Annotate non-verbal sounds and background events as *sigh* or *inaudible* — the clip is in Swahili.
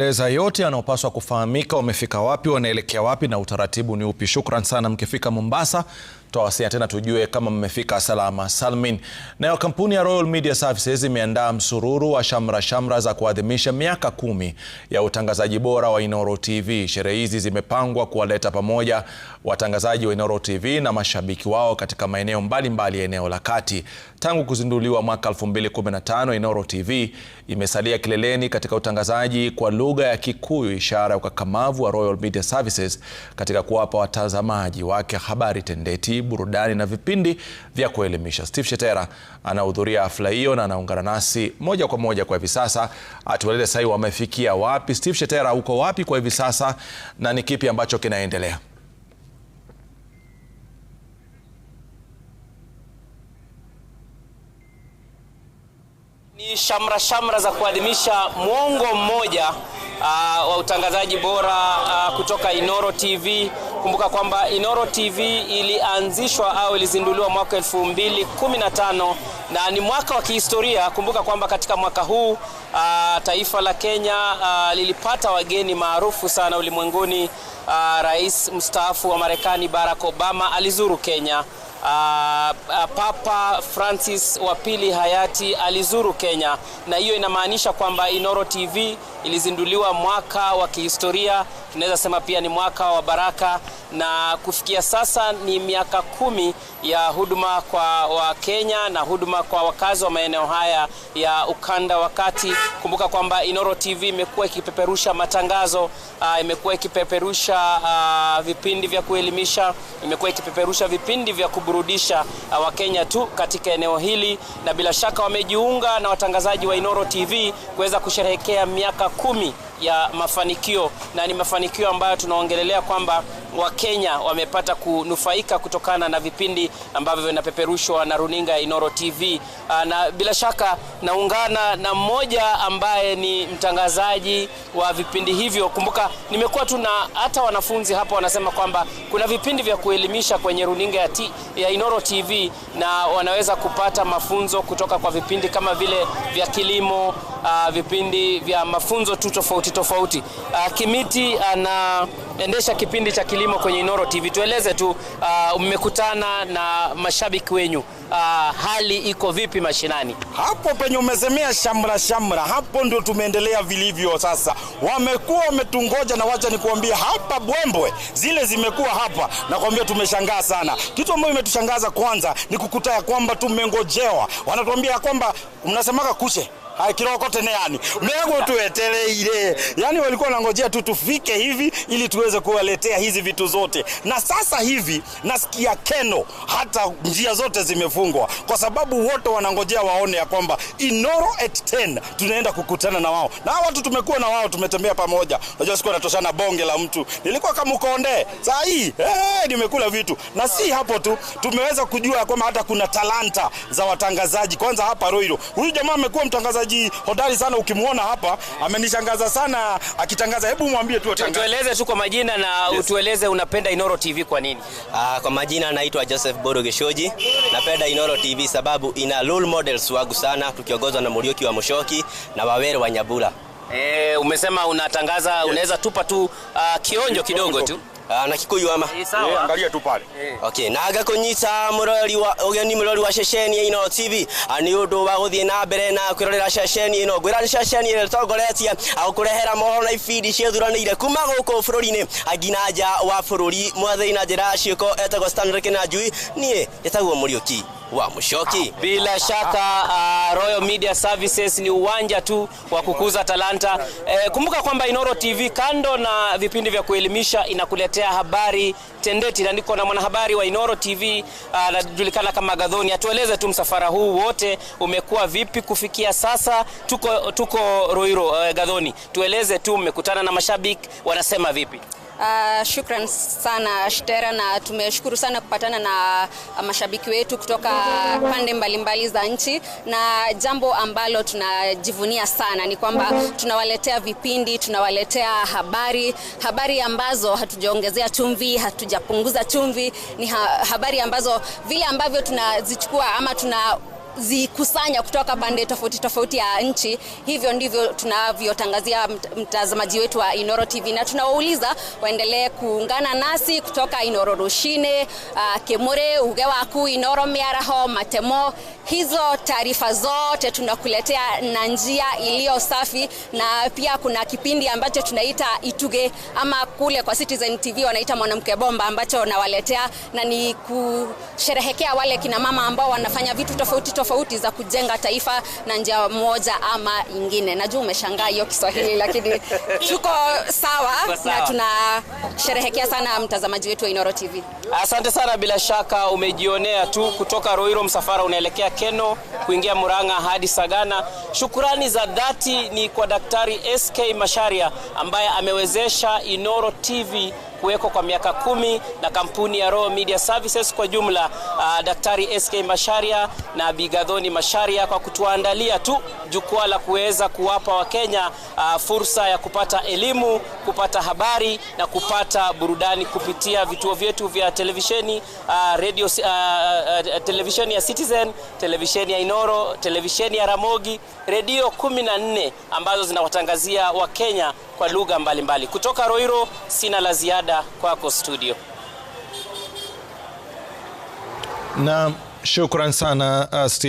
eleza yote yanayopaswa kufahamika, wamefika wapi, wanaelekea wapi na utaratibu ni upi. Shukran sana mkifika Mombasa tutawasiliana tena tujue kama mmefika salama salmin. Nayo kampuni ya Royal Media Services imeandaa msururu wa shamra shamra za kuadhimisha miaka kumi ya utangazaji bora wa Inooro TV. Sherehe hizi zimepangwa kuwaleta pamoja watangazaji wa Inooro TV na mashabiki wao katika maeneo mbalimbali ya eneo la kati. Tangu kuzinduliwa mwaka 2015, Inooro TV imesalia kileleni katika utangazaji kwa lugha ya Kikuyu, ishara ya ukakamavu wa Royal Media Services katika kuwapa watazamaji wake habari tendeti burudani na vipindi vya kuelimisha. Steve Shetera anahudhuria hafla hiyo na anaungana nasi moja kwa moja kwa hivi sasa, atueleze sasa wamefikia wapi. Steve Shetera, uko wapi kwa hivi sasa na ni kipi ambacho kinaendelea? Ni shamra shamra za kuadhimisha mwongo mmoja uh, wa utangazaji bora uh, kutoka Inoro TV. Kumbuka kwamba Inoro TV ilianzishwa au ilizinduliwa mwaka 2015 na ni mwaka wa kihistoria. Kumbuka kwamba katika mwaka huu uh, taifa la Kenya uh, lilipata wageni maarufu sana ulimwenguni. Uh, rais mstaafu wa Marekani Barack Obama alizuru Kenya. Uh, uh, Papa Francis wa pili hayati alizuru Kenya, na hiyo inamaanisha kwamba Inoro TV ilizinduliwa mwaka wa kihistoria, tunaweza sema pia ni mwaka wa baraka, na kufikia sasa ni miaka kumi ya huduma kwa Wakenya na huduma kwa wakazi wa maeneo haya ya ukanda wa kati. Kumbuka kwamba Inoro TV imekuwa ikipeperusha matangazo uh, imekuwa ikipeperusha uh, vipindi vya kuelimisha, imekuwa ikipeperusha vipindi vya kubu kuwaburudisha uh, Wakenya tu katika eneo hili, na bila shaka wamejiunga na watangazaji wa Inoro TV kuweza kusherehekea miaka kumi ya mafanikio, na ni mafanikio ambayo tunaongelelea kwamba Wakenya wamepata kunufaika kutokana na vipindi ambavyo vinapeperushwa na runinga Inoro TV. Ah, na bila shaka naungana na mmoja ambaye ni mtangazaji wa vipindi hivyo. Kumbuka nimekuwa tu na hata wanafunzi hapa wanasema kwamba kuna vipindi vya kuelimisha kwenye runinga ya, ti, ya Inoro TV na wanaweza kupata mafunzo kutoka kwa vipindi kama vile vya kilimo, Uh, vipindi vya mafunzo tu tofauti tofauti. Uh, Kimiti anaendesha kipindi cha kilimo kilimo kwenye Inoro TV, tueleze tu uh, na mashabiki wenyu uh, hali iko vipi mashinani? Hapo penye umesemea shamra shamra, hapo ndio tumeendelea vilivyo. Sasa wamekuwa wametungoja, na wacha nikuambia, hapa Bwembwe zile zimekuwa hapa, nakwambia tumeshangaa sana. Kitu ambayo imetushangaza kwanza ni kukuta ya kwamba tumengojewa, wanatuambia ya kwamba mnasemaka kuche kiroko tena yani mego megu tueteleile, yani walikuwa nangojea tu tufike hivi ili tuweze kuwaletea hizi vitu zote, na sasa hivi nasikia keno, hata njia zote zimefungwa kwa sababu wote wanangojea waone ya kwamba Inoro at 10 tunaenda kukutana na wao, na watu tumekuwa na wao, tumetembea pamoja. Unajua sikuwa natoshana bonge la mtu, nilikuwa kama ukonde, saa hii hey, eh, nimekula vitu. Na si hapo tu, tumeweza kujua kwamba hata kuna talanta za watangazaji. Kwanza hapa Roiro, huyu jamaa amekuwa mtangazaji mchezaji hodari sana, ukimwona hapa amenishangaza sana akitangaza. Hebu mwambie tu tueleze tu kwa majina na yes. Utueleze unapenda Inoro TV kwa nini? Aa, ah, kwa majina anaitwa Joseph borogeshoji Geshoji. Napenda Inoro TV sababu ina role models wangu sana, tukiongozwa na Muriuki wa Mushoki na Wawere wa Nyabula. E, umesema unatangaza yes. Unaweza tupa tu uh, kionjo kidogo tu Ah, na Kikuyu ama yeah, angalia tu pale eh. okay na aga kunyita murori wa ugeni murori wa sheshen ya ino TV ani ah, undu wa guthie na mbere na kwirorera sheshen ino gwira ni shesheni ino tongoretie agukurehera ah, moho na ibindi ciethuranire kuma guku bururi-ini angina nja wa bururi mwathe na njira ciiko etagwo Stanley Kinanjui nie etagwo Muriuki wa Mushoki. Bila shaka uh, Royal Media Services ni uwanja tu wa kukuza talanta. E, kumbuka kwamba Inoro TV kando na vipindi vya kuelimisha inakuletea habari tendeti, na niko na mwanahabari wa Inoro TV uh, anajulikana uh, kama Gadhoni. Atueleze tu msafara huu wote umekuwa vipi kufikia sasa. Tuko, tuko Roiro. Uh, Gadhoni, tueleze tu mmekutana na mashabiki wanasema vipi? Uh, shukran sana Shtera, na tumeshukuru sana kupatana na ah, mashabiki wetu kutoka pande mbalimbali za nchi, na jambo ambalo tunajivunia sana ni kwamba tunawaletea vipindi, tunawaletea habari, habari ambazo hatujaongezea chumvi, hatujapunguza chumvi, ni ha habari ambazo vile ambavyo tunazichukua ama tuna zikusanya kutoka pande tofauti tofauti ya nchi. Hivyo ndivyo tunavyotangazia mtazamaji wetu wa Inoro TV, na tunawauliza waendelee kuungana nasi kutoka Inoro Rushine, uh, ah, Kemure, Ugewa Kuu, Inoro Miaraho, Matemo. Hizo taarifa zote tunakuletea na njia iliyo safi, na pia kuna kipindi ambacho tunaita Ituge ama kule kwa Citizen TV wanaita mwanamke bomba, ambacho nawaletea na ni kusherehekea wale kina mama ambao wanafanya vitu tofauti tofauti za kujenga taifa na njia moja ama ingine. Najua umeshangaa hiyo Kiswahili lakini *laughs* tuko sawa, sawa na tunasherehekea sana mtazamaji wetu wa Inoro TV. Asante sana, bila shaka umejionea tu kutoka Roiro msafara unaelekea Keno kuingia Murang'a hadi Sagana. Shukurani za dhati ni kwa Daktari SK Masharia ambaye amewezesha Inoro TV kuwekwa kwa miaka kumi na kampuni ya Royal Media Services kwa jumla, uh, Daktari SK Masharia na Bigadhoni Masharia kwa kutuandalia tu jukwaa la kuweza kuwapa Wakenya uh, fursa ya kupata elimu, kupata habari na kupata burudani kupitia vituo vyetu vya televisheni uh, radio, uh, uh, uh, televisheni ya Citizen, televisheni ya Inoro, televisheni ya Ramogi, redio 14 ambazo zinawatangazia Wakenya kwa lugha mbalimbali. Kutoka Roiro, sina la ziada kwako studio. Na shukran sana uh, Steve.